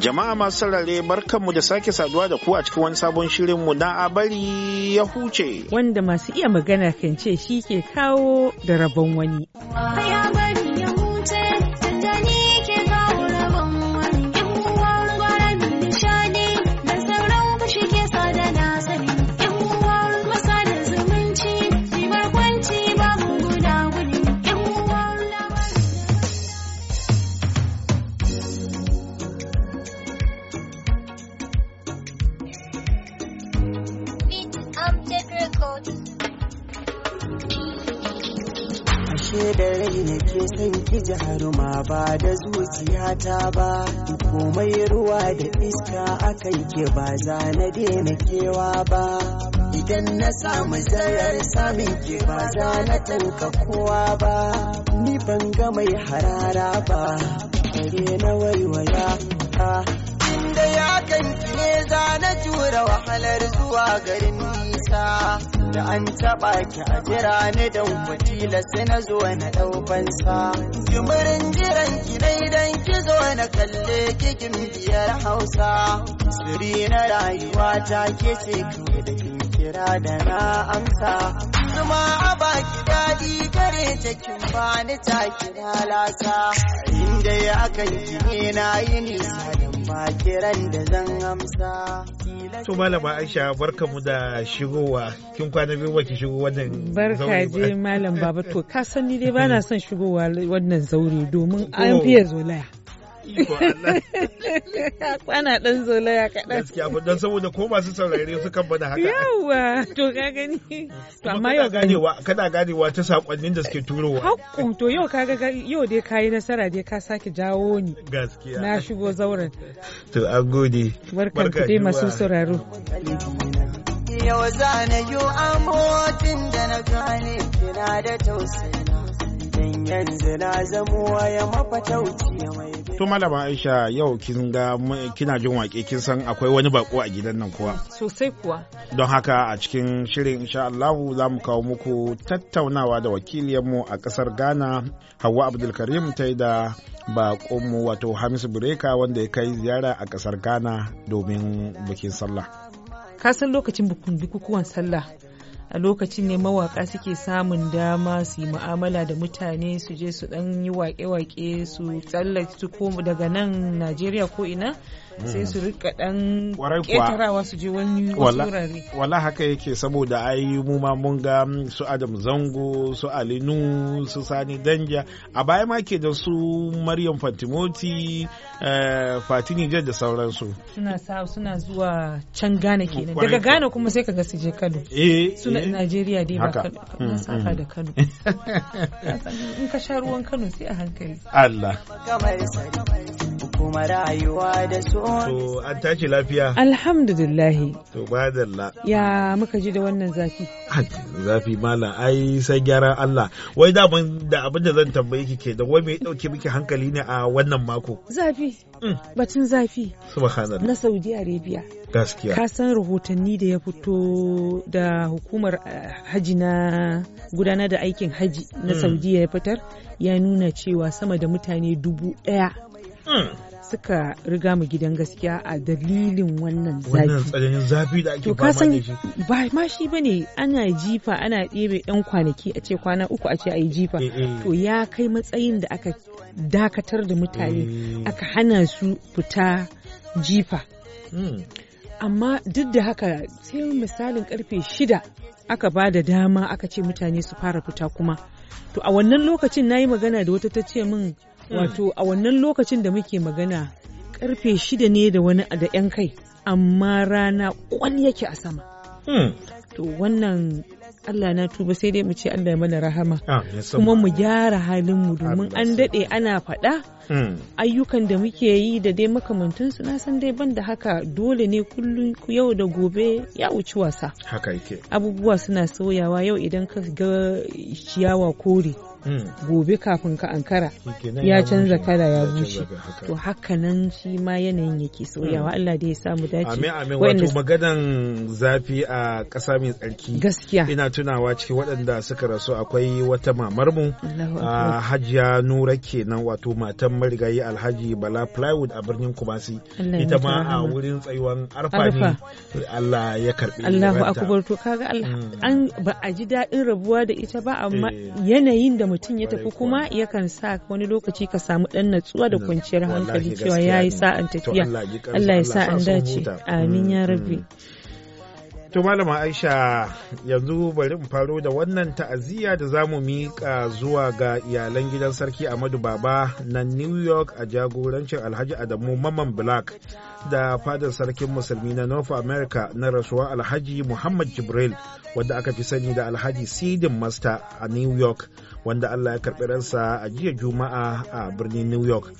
Jama'a masu sarare barkanmu da sake saduwa da ku a cikin wani sabon shirinmu na abari ya huce. Wanda masu iya magana kan ce shi ke kawo da rabon wani. ke da rai na ke san ki jaruma ba da zuciya ta ba komai ruwa da iska akan ke ba za na daina kewa ba idan na samu zayar samin ke ba za na tanka kowa ba ni ban ga mai harara ba kare na waiwaya ta inda ya kan ne za na jura wahalar zuwa garin nisa da an taɓa ki a jira ni don kwatila sai na zo na daukan sa jimirin jiran ki dai dan ki zo na kalle kin biyar hausa siri na rayuwa ta ke ce kawai da kin kira da na amsa zuma da kin bani taki na lasa inda ya kan ne na yi nisa da zan amsa To Malama Aisha barka mu da shigowa kin kwana biyu baki shigo wannan Barka je Malam Baba to ka san ni dai bana son shigowa wannan zaure domin oh. an fiye zolaya. kwana dan zola ya kaɗan. Gaskiya ba dan saboda ko masu saurare su kan bada haka. Yawa to ka gani. To amma yau ganewa kana ganewa ta sakonnin da suke turowa. hakku to yau kaga yau dai kai nasara dai ka sake jawo ni. Gaskiya. Na shigo zauren. To an gode. barka ku dai masu sauraro. Yau zane yi amotin da na gane kina da tausayi. Yanzu na ya mai To malama Aisha yau kin ga kina jin waƙe kin san akwai wani bako a gidan nan kuwa. Sosai kuwa. Don haka a cikin shirin insha Allah za mu kawo muku tattaunawa da wakiliyarmu a ƙasar Ghana Hauwa Abdulkarim ta yi da bakonmu wato Hamisu Bureka wanda ya kai ziyara a ƙasar Ghana domin bikin sallah. Ka san lokacin bukukuwan sallah a lokacin ne mawaka suke samun dama su yi mu'amala da mutane su je su dan yi wake-wake su su ko daga nan najeriya ko ina sai su rika dan ketarawa su je wani wurare wala haka yake saboda ai mu ma mun ga mm, su Adam Zango su Alinu su Sani Danja a baya ma ke da su Maryam Fatimoti eh, Fatini Jar da sauransu suna sa suna zuwa can Ghana kenan daga Ghana kuma sai kaga su je Kano eh suna eh. Najeriya dai ba Kano mm, saka mm. da Kano in ka sha ruwan Kano sai a hankali Allah kuma rayuwa da su to an tashi lafiya alhamdulillahi to badalla ya muka ji da wannan zafi zafi mala, ai sai gyara Allah wai da da abin da zan tambaye ki ke da wai me dauke miki hankali ne a wannan mako zafi mm. batun zafi subhanallah na Saudi Arabia gaskiya ka san rahotanni da ya fito da hukumar eh, haji na gudanar da aikin haji na mm. Saudi ya fitar ya nuna cewa sama da mutane dubu ɗaya. Mm. suka riga mu gidan gaskiya a dalilin wannan zafi wannan tsananin zafi da ake fama da shi ba ma shi bane ana jifa ana ɗebe yan kwanaki a ce kwana uku a ce a yi jifa eh, eh. to ya kai matsayin da aka dakatar da mutane eh. aka hana su fita jifa hmm. amma duk da haka sai misalin karfe shida aka ba da dama aka ce mutane su fara fita kuma to a wannan lokacin na yi magana da wata ta ce min wato a wannan lokacin da muke magana karfe shida ne da wani da 'yan kai amma rana kwan yake a sama hmm. to wannan Allah na tuba sai dai mu ce Allah ya mana rahama ah, kuma mu gyara halinmu domin an daɗe ana faɗa hmm. ayyukan da muke yi da dai makamantansu na san dai banda haka dole ne kullum yau da gobe ya wuci wasa abubuwa suna sauyawa yau idan ka ga ciyawa kore Hmm. gobe kafin ka ankara ya canza kala ya bushe to haka nan shi ma yanayin yake sauyawa hmm. Allah da ya samu dace amin amin wato maganan zafi a ƙasa mai tsarki gaskiya ina tunawa cikin waɗanda suka rasu akwai wata mamarmu. a Hajiya Nura kenan wato matan marigayi Alhaji Bala Plywood a birnin Kumasi ita ma a wurin tsayuwan arfa ne Allah ya karɓi. Allahu akbar to kaga Allah hmm. an ba a ji daɗin rabuwa da ita ba amma eh. yanayin da mutum ya tafi kuma yakan sa wani lokaci ka samu dan natsuwa da kwanciyar hankali cewa ya yi sa'an tafiya Allah ya sa an dace amin ya mm, rabbi mm. To Malama Aisha yanzu bari in faro da wannan ta'aziyya da zamu mu miƙa zuwa ga iyalan gidan sarki ahmadu Baba na New York a jagorancin Alhaji Adamu Maman Black da fadar sarkin musulmi na North America na rasuwa Alhaji Muhammad Jibril wadda aka fi sani da Alhaji Sidin Master a New York. wanda Allah ya karɓi ransa a jiya Juma'a a birnin New York.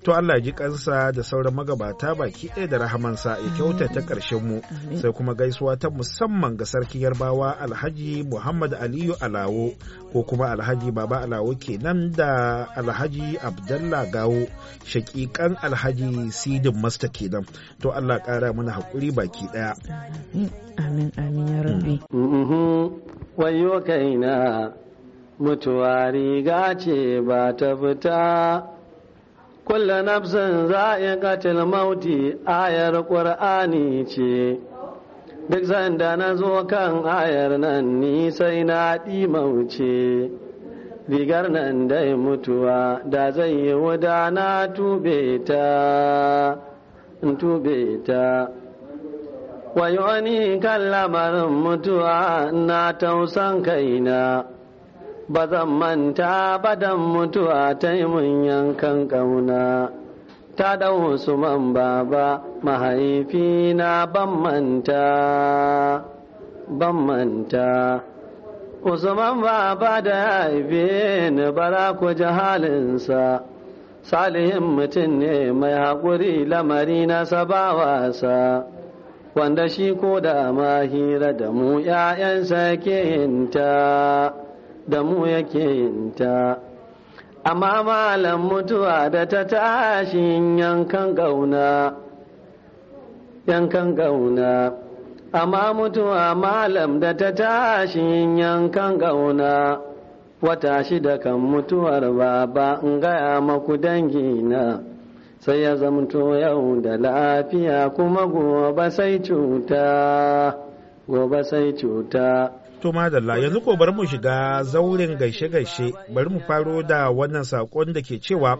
To Allah ji kansa da sauran magabata baki ɗaya da rahamansa ya kyauta ta ƙarshen mu sai kuma gaisuwa ta musamman ga Sarki yarbawa Alhaji Muhammad Aliyu Alawo ko kuma Alhaji Baba Alawo kenan da Alhaji Abdallah Gawo shakikan Alhaji Sidin Masta kenan. To Allah ƙara mana haƙuri baki ɗaya. Amin amin ya rabbi. Mm-hmm. Wayo kaina mutuwa riga ce ba ta fita kulla nafsin katil mauti ayar ƙur'ani ce duk sanda na zo kan ayar nan ni sai na ɗi mauce rigar nan dai mutuwa da zai yi wuda na tube ta tube ta wani kan lamarin mutuwa na tausan kaina ba zan manta badan mutuwa ta yi mun yankan ƙauna. Ta ɗau Usman baba mahaifina ban manta, ban manta. Usman baba da ya haife ni bara ku ji halinsa, salihin mutum ne mai haƙuri lamari na sabawasa, wanda shi ko da mahira da mu ‘ya'yansa ke yinta. da mu yake yinta amma malam mutuwa da ta tashi yankan gauna yankan gauna amma mutuwa malam da ta tashi yankan gauna wata shida kan mutuwar baba in gaya maku dangina sai ya zamto yau da lafiya kuma gobe sai cuta gobe sai cuta To madalla yanzu ko bar mu shiga zauren gaishe-gaishe bari mu faro da wannan sakon da ke cewa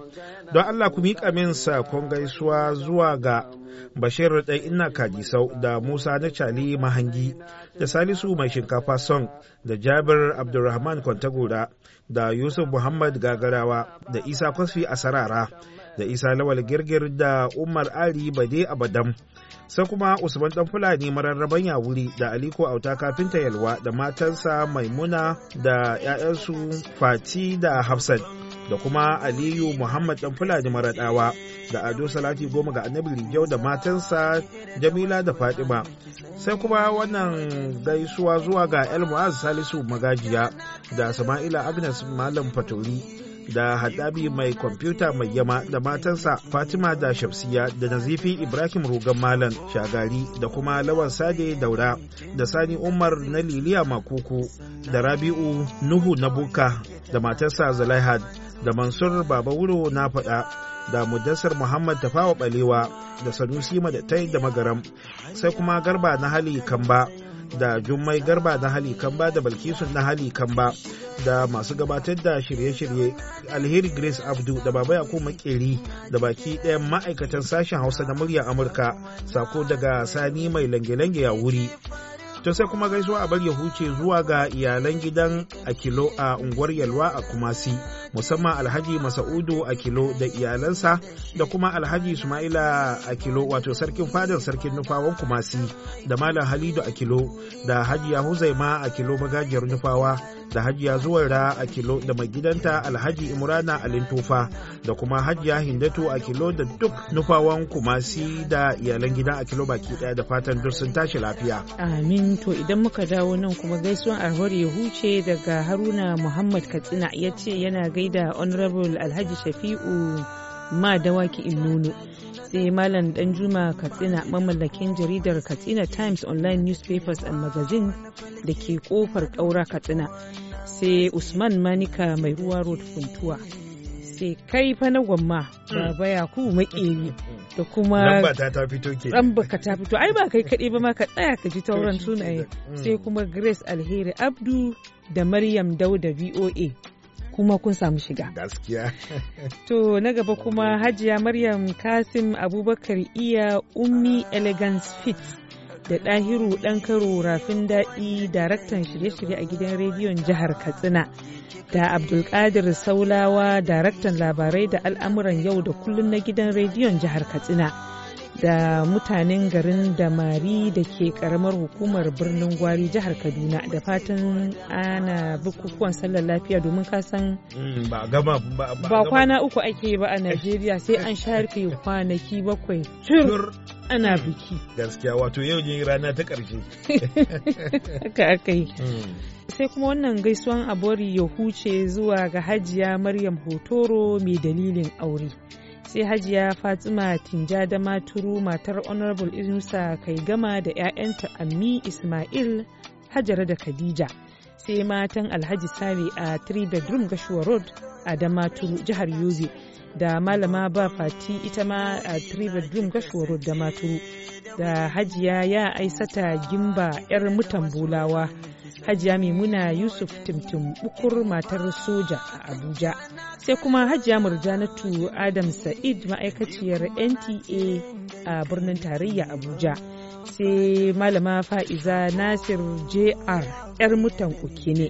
don Allah ku miƙa min sakon gaisuwa zuwa ga Bashir ɗan ina Kadisau da Musa na Cali Mahangi da Salisu mai shinkafa son da Jabir Abdulrahman Kwantagora da Yusuf Muhammad Gagarawa da Isa Kwasfi Asarara da Isa Lawal Girgir da Umar Ali Bade Abadam. sai kuma usman dan fulani mararraban ya wuri da aliko auta kafinta yalwa da matansa maimuna da 'ya'yansu fati da hafsat da kuma aliyu muhammad dan fulani maradawa da ado salati goma ga annabi rigyau da matansa jamila da fadima sai kuma wannan gaisuwa zuwa ga el salisu magajiya da sama'ila agnes malam fatori da haɗabi mai kwamfuta mai yama da matansa fatima da shamsiya da nazifi ibrahim rugan malam shagari da kuma lawan sade daura da sani umar na liliya makuku da rabi'u nuhu na buka da matarsa zalaihad da mansur baba wuro na faɗa da mudassar muhammad tafawa balewa da sanusi madatai da magaram sai kuma garba na hali kamba da jummai garba na hali kamba da balkisun na hali kamba da masu gabatar da shirye-shirye alheri grace abdu da baba yakub makeri da baki ɗayan ma'aikatan sashen hausa na murya amurka sako daga sani mai lange-lange ya wuri to sai kuma gaisuwa a bar ya huce zuwa ga iyalan gidan akilo a unguwar yalwa a kumasi musamman alhaji masa'udu akilo da iyalansa da kuma alhaji sumaila akilo wato sarkin fadar sarkin nufawan kumasi da malam halidu akilo da hajiya huzaima akilo magajiyar nufawa da hajiya zuwaira akilo da magidanta alhaji imrana alintufa da kuma hajiya hindatu akilo da duk nufawan kumasi da iyalan gidan akilo baki daya da fatan duk sun tashi lafiya amin to idan muka dawo nan kuma gaisuwan alhori ya huce daga haruna muhammad katsina ya ce yana da honorable alhaji shafi'u ma dawaki nono sai malam danjuma katsina mamallakin jaridar katsina times online newspapers and magazine da ke kofar ƙaura katsina sai usman manika mai ruwa road funtuwa sai kai fa na gwamma baba ku makeri da kuma ramba ta ta fito ai ba kai kaɗai ba ma ka tsaya ka ji tauran sunaye sai kuma grace alheri abdu da maryam dauda voa kuma kun samu shiga gaskiya to na gaba kuma hajiya maryam kasim abubakar iya ummi elegance fit da ɗahiru ɗan karo rafin daɗi daraktan shirye-shirye a gidan rediyon jihar katsina da abdulkadir saulawa daraktan labarai da al'amuran yau da kullum na gidan rediyon jihar katsina da mutanen garin damari da ke karamar hukumar birnin gwari jihar kaduna da fatan ana bukukuwan sallar lafiya domin kasan mm, ba kwana uku ake ba a najeriya sai an sharfe kwanaki bakwai cur ana mm, biki gaskiya wato yau ne rana ta ƙarshe haka aka yi mm. sai kuma wannan gaisuwan abori ya huce zuwa ga hajiya maryam hotoro mai dalilin aure sai hajiya fatima tinja da maturu matar honorable inusa kai gama da 'ya'yanta ammi ismail hajara da khadija sai matan alhaji sale a 3 bedroom gashuwa road a damaturu jihar yobe da malama ba fati ita ma a 3 bedroom gashuwa road damaturu da hajiya ya aisata gimba 'yar mutan bulawa hajiya maimuna yusuf timtim bukur matar soja a abuja sai kuma hajiya murjanatu adam sa'id ma'aikaciyar nta a birnin tarayya abuja sai malama fa'iza nasir jr 'yar mutan ukene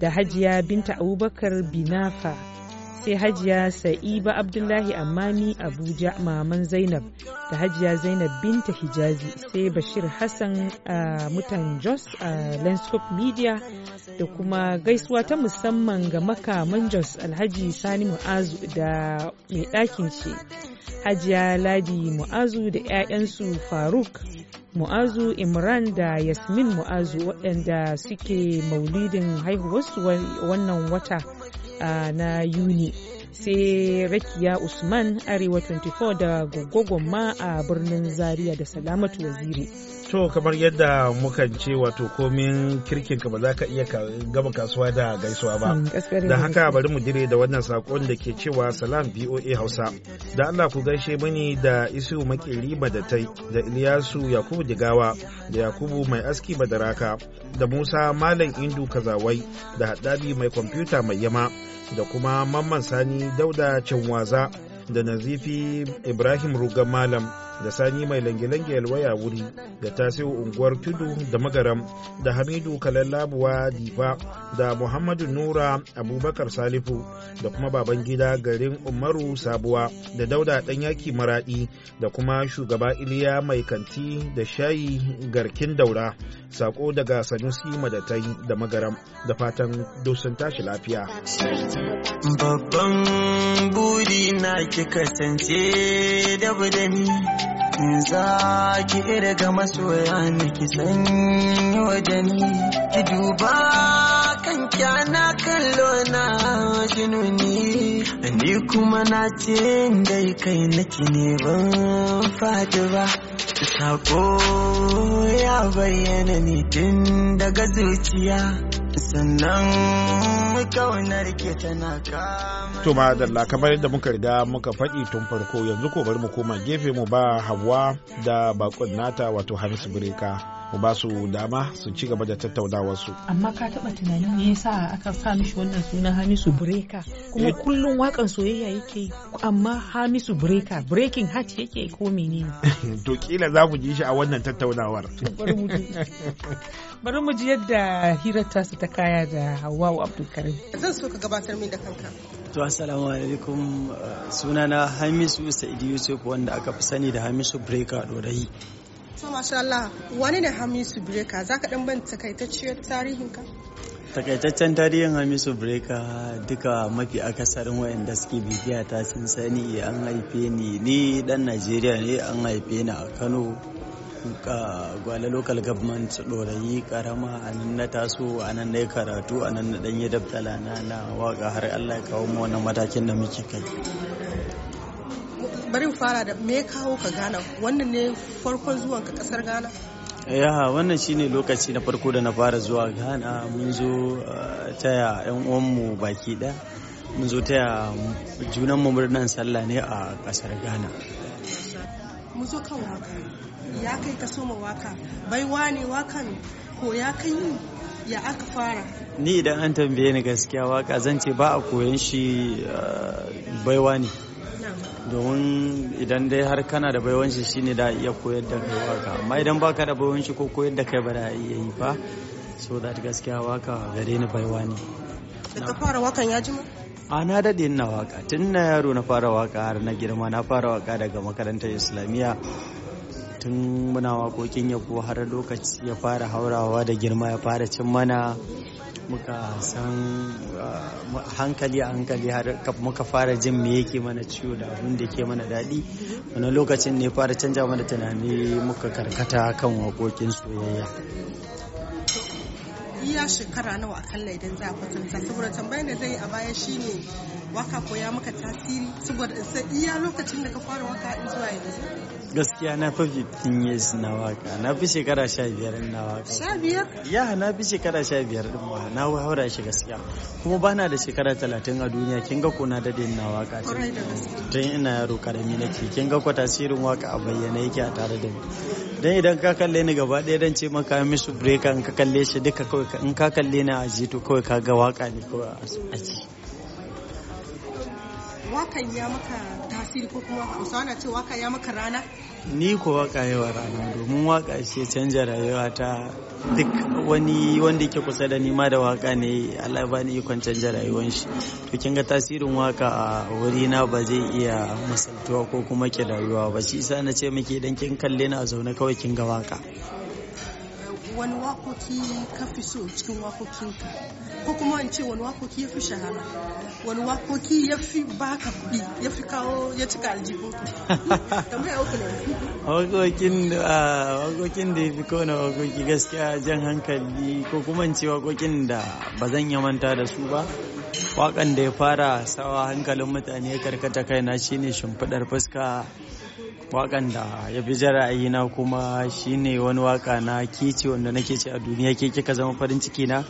da hajiya binta abubakar binafa sai hajiya sa'iba abdullahi amami abuja maman zainab da hajiya zainab binta hijazi sai bashir hassan a mutan jos a landscape media da kuma gaisuwa ta musamman ga makaman jos alhaji sani mu'azu da mai ɗakin shi hajiya ladi mu'azu da 'ya'yansu faruk mu'azu imran da yasmin mu'azu waɗanda suke maulidin haihuwarsu wannan wata na yuni sai rakiya usman arewa 24 da gogogon ma a birnin zaria da salamatu waziri to kamar yadda mukan ce wato komin kirkin ka ba za ka iya gaba kasuwa da gaisuwa ba mm, da haka bari mu dire da wannan sakon da ke cewa salam voa hausa da allah ku gaishe mani da isu makeri madatai da iliyasu yakubu digawa da yakubu mai aski madaraka da musa malam indu kazawai da haɗabi mai kwamfuta mai yama da kuma mamman sani dauda canwaza da nazifi ibrahim rugan malam da sani mai lange-lange waya wuri da tasiru unguwar tudu da magaram da hamidu kalallabuwa difa da muhammadu nura abubakar salifu da kuma baban gida garin umaru sabuwa da dauda ɗan yaki maraɗi da kuma shugaba iliya mai kanti da shayi garkin daura sako daga sanusi madatai da magaram da fatan dusun tashi lafiya babban buri na ki kasance da budani za ki irga masoya na ki sanyi wajen ki duba kan kyana kallo na jinuni ni kuma na ce dai kai nake ne ban fadi ba sako ya bayyana ni tun daga zuciya sannan kaunar ke tana kama to madalla kamar yadda muka riga muka faɗi tun farko yanzu ko bari mu koma gefe mu ba hawa da bakon nata wato Hamis bireka ku ba su dama su ci gaba da tattaunawarsu. Amma ka taɓa tunanin me yasa aka sa mishi wannan suna Hamisu Breka kuma eh. kullum wakan soyayya yake amma Hamisu Breka breaking heart yake ko menene? To kila za mu ji shi a wannan tattaunawar. Bari mu ji yadda hirar tasu ta kaya da Hawwa Abdulkarim. Zan so ka gabatar min da kanka. To assalamu alaikum uh, sunana Hamisu Sa'idi Yusuf wanda aka fi sani da Hamisu Breka Dorayi. To masha Allah, wani ne Hamisu Breka? Za ka ɗan ban tarihin ka. Takaitaccen tarihin Hamisu Breka duka mafi akasarin wayanda suke bibiya ta sun sani an haife ni ni dan Najeriya ne an haife ni a Kano. gwale local government ɗorayi karama a nan na taso a nan na karatu a nan na ɗanyi daftala na na waka har Allah ya kawo mu wannan matakin da muke kai. bari fara da me kawo ka gana wannan ne farkon zuwan ka kasar Ghana ya wannan shine lokaci na farko da na fara zuwa Ghana mun zo eh, taya yan uwanmu baki ɗaya mun zo taya junan mu murnan sallah ne a kasar Ghana mun zo kan waka ya kai ka soma waka baiwa ne wakan ko ya kai ya aka fara ni idan an tambaye ni gaskiya waka zan ce ba a koyan shi eh, baiwa ne domin idan dai har kana da baiwanci shine da iya koyar da kai waka amma idan baka da baiwanci ko koyar da kai ba da iya yi ba so that gaskiya waka gare ni baiwa ne da fara wakan ya jima a na daɗe na waka tun na yaro na fara waka har na girma na fara waka daga makarantar islamiyya tun muna waƙoƙin ya har lokaci ya fara haurawa da girma ya fara cin mana muka san ah, hankali a hankali har muka fara jin me yake mana ciwo da abin da ke mana daɗi wani lokacin ne fara canja mana tunani muka karkata kan waƙoƙin soyayya iya shekara nawa akalla idan za a kwatanta saboda tambayar da zai a baya shine waka koya maka tasiri saboda iya lokacin da ka fara waka zuwa yanzu gaskiya na fi 15 years na waka na fi shekara 15 na waka 15 ya na fi shekara 15 din ba na haura shi gaskiya kuma bana da shekara 30 a duniya kin ga ko na din na waka tun ina yaro karami nake kin ga ko tasirin waka a bayyana yake a tare da ni dan idan ka kalle ni gaba ɗaya dan ce maka mishi break in ka kalle shi duka kawai in ka kalle ni a to kawai ka ga waka ne kawai a ji wakan ya maka tasiri ko kuma hausa na ce waka ya maka rana ni ko waka yawa rana domin waka ce canja rayuwa ta duk wani wanda ke kusa da nima da waka ne Allah bani ikon canja rayuwar shi to kinga tasirin waka a wuri na ba zai iya misaltuwa ko kuma ki rayuwa ba shi isa na ce muke dan kin kalle na zaune kawai kin ga waka wani wakoki ka fi so cikin wakokinka ko kuma in ce wani wakoki ya fi shahara wani wakoki ya fi baka kuɗi ya fi kawo ya cika aljihu tambaya uku ne wakokin da ya fi kone wakoki gaskiya jan hankali ko kuma ce wakokin da ba zan yi manta da su ba wakan da ya fara sawa hankalin mutane ya karkata kaina ne shimfiɗar fuska wakan da ya fi ra'ayi na kuma shi ne wani waka na kici wanda nake ce a duniya ke kika zama farin ciki na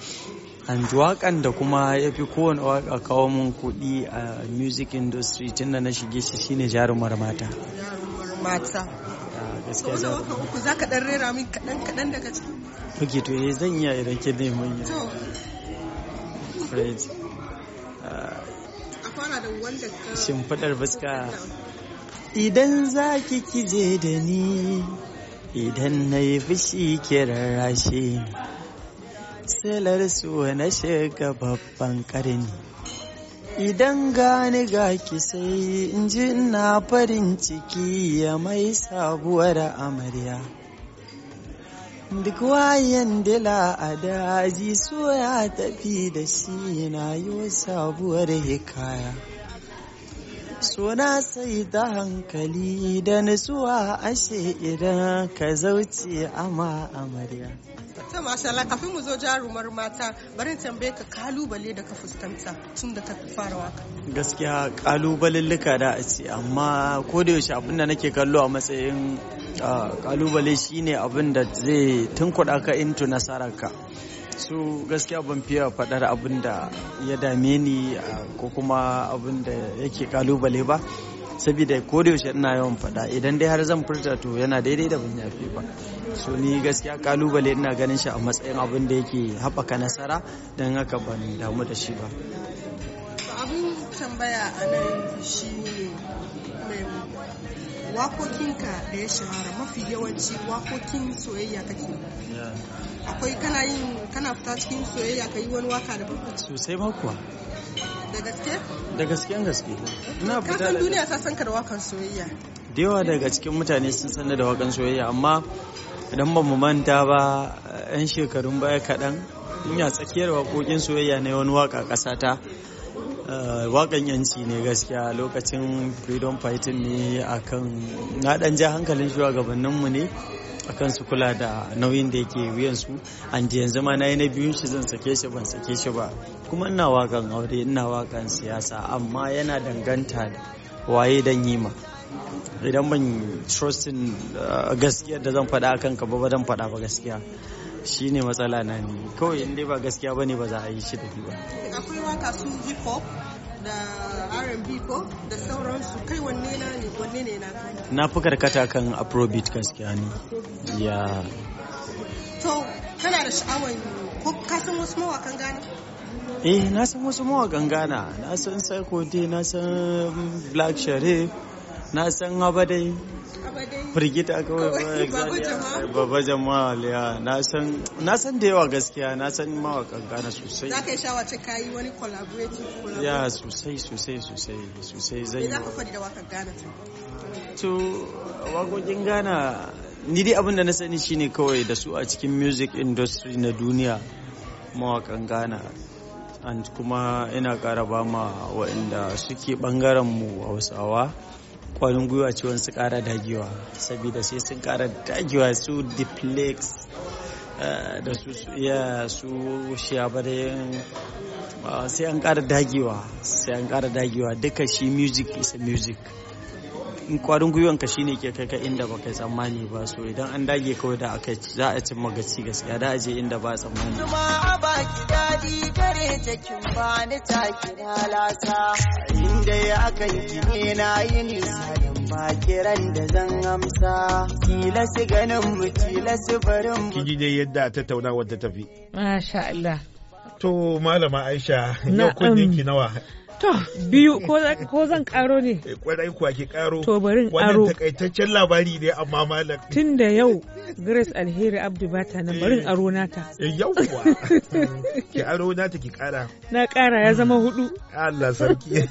and wakan da kuma ya fi kowane waka kawo min kuɗi a music industry tun da na shige shi shine jarumar mata mata idan a fara da wanda ka fuska idan za ki kije da ni idan na yi fushi kirar rashi. silar su na shiga babban karni idan gani ga ki sai in ji na farin ciki ya mai sabuwar amarya duk wayan dila a daji so ya tafi da shi na yi sabuwar hikaya suna sai da hankali da nutsuwa ashe idan ka zauce ama amarya. ta Allah kafin mu zo jarumar mata bari tambaye ka kalubale da ka fuskanta tun da ka fara waka. gaskiya kalubalillika da a ce amma ko da yaushe abin da nake kallo a matsayin ah, kalubale shine abin da zai tunkuɗa ka into nasararka. su gaskiya ban fiya faɗar abin da ya dame ni ah, ko kuma abin da yake kalubale ba saboda ko da yaushe ina yawan faɗa idan dai har zan furta to yana daidai da ban yafe ba so ni gaskiya kalubale ina ganin shi a matsayin abin da yake haɓaka nasara don haka ban damu da shi ba abin tambaya a nan shi ne mai wakokinka da ya shahara mafi yawanci wakokin soyayya kake akwai kana yin kana fita cikin soyayya ka yi wani waka da babba sosai ba kuwa da gaske da gasken gaske ina fita kasan duniya ta san ka da wakan soyayya da yawa daga cikin mutane sun san da wakan soyayya amma idan ba mu manta ba yan shekarun baya kaɗan ina tsakiyar wakokin soyayya na wani waka ƙasata Eh, wakan yanci ne gaskiya lokacin freedom fighting ne akan na dan ja hankalin shugabanninmu ne akan su kula da nauyin da yake wuyansu an yanzu ma na yi na biyun shi zan sake shi ban sake shi ba kuma ina wakan aure ina wakan siyasa amma yana danganta da waye dan yi ma idan ban trustin eh, gaskiya da zan faɗa akan ka ba ba dan faɗa ba gaskiya shi ne matsala na ne kawai in dai ba gaskiya ba ne ba za a yi shi da ba akwai waka su hip hop da R&B ko da sauransu kai wanne na ne wanne ne na na fi karkata kan afrobeat gaskiya ne ya to kana da sha'awar ko ka san wasu mawakan gani eh na san wasu mawakan gana na san sarko na san black sharif na san abadai firgita kawai babba jama'a liya na san da yawa gaskiya na san mawakan gana sosai za ka yi shawace ce kayi wani collaborative ya sosai sosai sosai sosai zai yi za ka da wakan gana to wakokin gana ni dai abin da na sani shine kawai da su a cikin music industry na duniya mawakan ghana and kuma ina kara ba ma waɗanda suke ɓangaren mu hausawa kwarin gwiwa ce wani su kara dagewa saboda sai sun kara dagewa su diplex eh, da su ya su shabarin eh, sai an kara dagewa sai an kara dagewa duka shi music is a music in kwarin gwiwan ka shine ke kai ka inda baka tsammani ba so idan an dage kawai da aka za a cin magaci gaskiya da a je inda ba tsammani daɗi gare ta kin ba ni ta kira lasa inda ya kan ki ne na yi nisa ba kiran da zan amsa kila su ganin mu kila su barin mu kiji dai yadda tauna ta tafi masha Allah to malama Aisha yau kunnin ki nawa To biyu ko zan karo ne? Kwarai eh, kuwa ke karo. To barin karo. Wannan takaitaccen labari ne amma malam. Tun da yau Grace Alheri Abdu bata ta nan barin eh. aro nata. Eh, Yawwa. Ki aro nata ki kara. Na kara ya zama hudu. Allah sarki.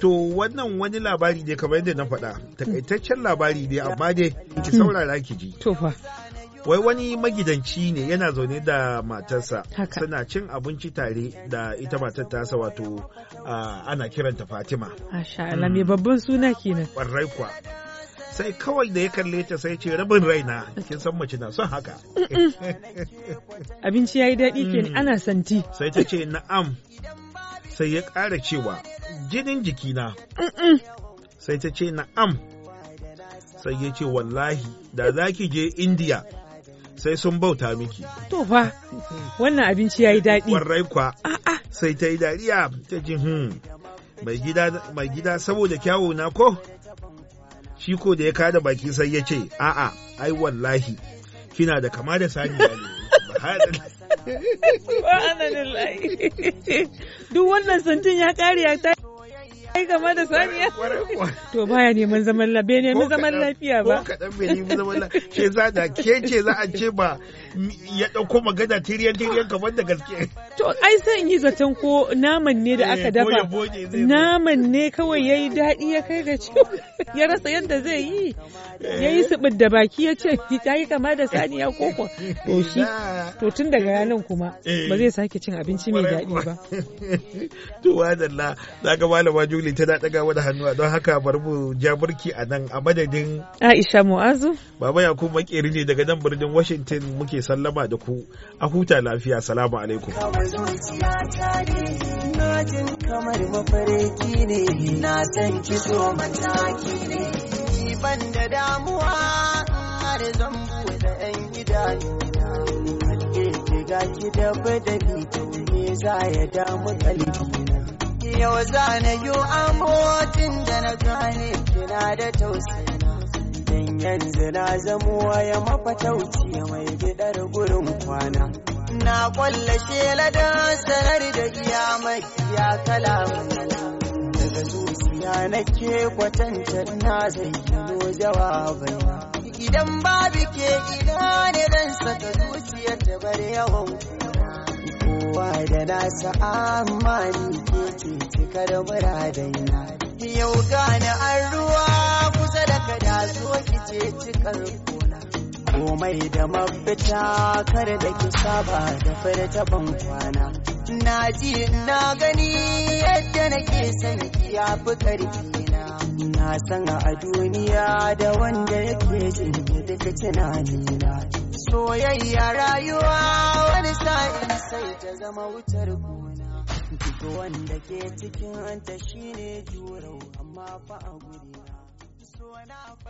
To wannan wani labari ne kamar yadda na faɗa, takaitaccen labari ne amma dai ki hmm. saurara ki ji. To fa. Wai wani magidanci ne yana zaune da matarsa suna cin abinci tare da ita matar tasa wato ah, ana kiranta Fatima. Asha Allah hmm. mai babban suna kenan. Ƙwarai kuwa. sai kawai da ya kalle ta sai ce rabin raina kin san mace na son haka abinci yayi daɗi ke mm. ana santi sai ta ce na'am sai ya ƙara cewa jinin jikina sai ta ce na'am sai ya ce wallahi da za ki je indiya sai sun bauta miki to fa wannan abinci yayi daɗi warrai kwa sai ta yi dariya ta ji hmm, mai gida saboda kyawu na ko shi ko da ya kada baki sai ya ce a'a ai wallahi kina da kama da sani ne duk wannan santin ya kare ya Ai game da saniya. To baya neman zaman lafiya, bai neman zaman lafiya ba. Ko kadan bai neman zaman lafiya. Ke za da ke ce za a ce ba ya ɗauko magana tiriyan tiriyan kamar da gaske. To ai sai in yi zaton ko naman ne da eh, aka dafa. Naman ne kawai ya yi daɗi ya kai ga ci ya rasa yadda zai yi. Ya yi eh. da baki ya ce ta yi kama da saniya koko. To shi to tun daga ranar kuma ba eh. zai sake cin abinci mai daɗi ba. To wadalla za malama Shirley tana daga wani hannuwa don haka bari mu ja burki a nan a madadin Aisha Mu'azu. Baba Yakubu Makeri ne daga nan birnin Washington muke sallama da ku a huta lafiya salamu alaikum. kamar mafarki ne ki da damuwa har ga ki da badali to me za ya damu kalbina. yau za na yi amotin da na gane kina da tausayina dan yanzu na zamo waya mafatauci mai gidar gurin kwana na kwalla shela da sanar da iya mai ya kalamu daga zuciya ke kwatanta na zai kino jawabai idan babu ke ina ne zan saka zuciyar ta bar yawan kowa da nasa amani ke cikar da muradaina yau gane an ruwa kusa da kada zuwa ki ce cikar kona komai da mafita kar da ki saba da furta ban kwana na ji na gani yadda nake san ki ya fi na na san a duniya da wanda yake jin da tunanina soyayya rayuwa wani sa'in sai ta zama wutar gona to wanda ke cikin anta shine jurau amma fa a gurina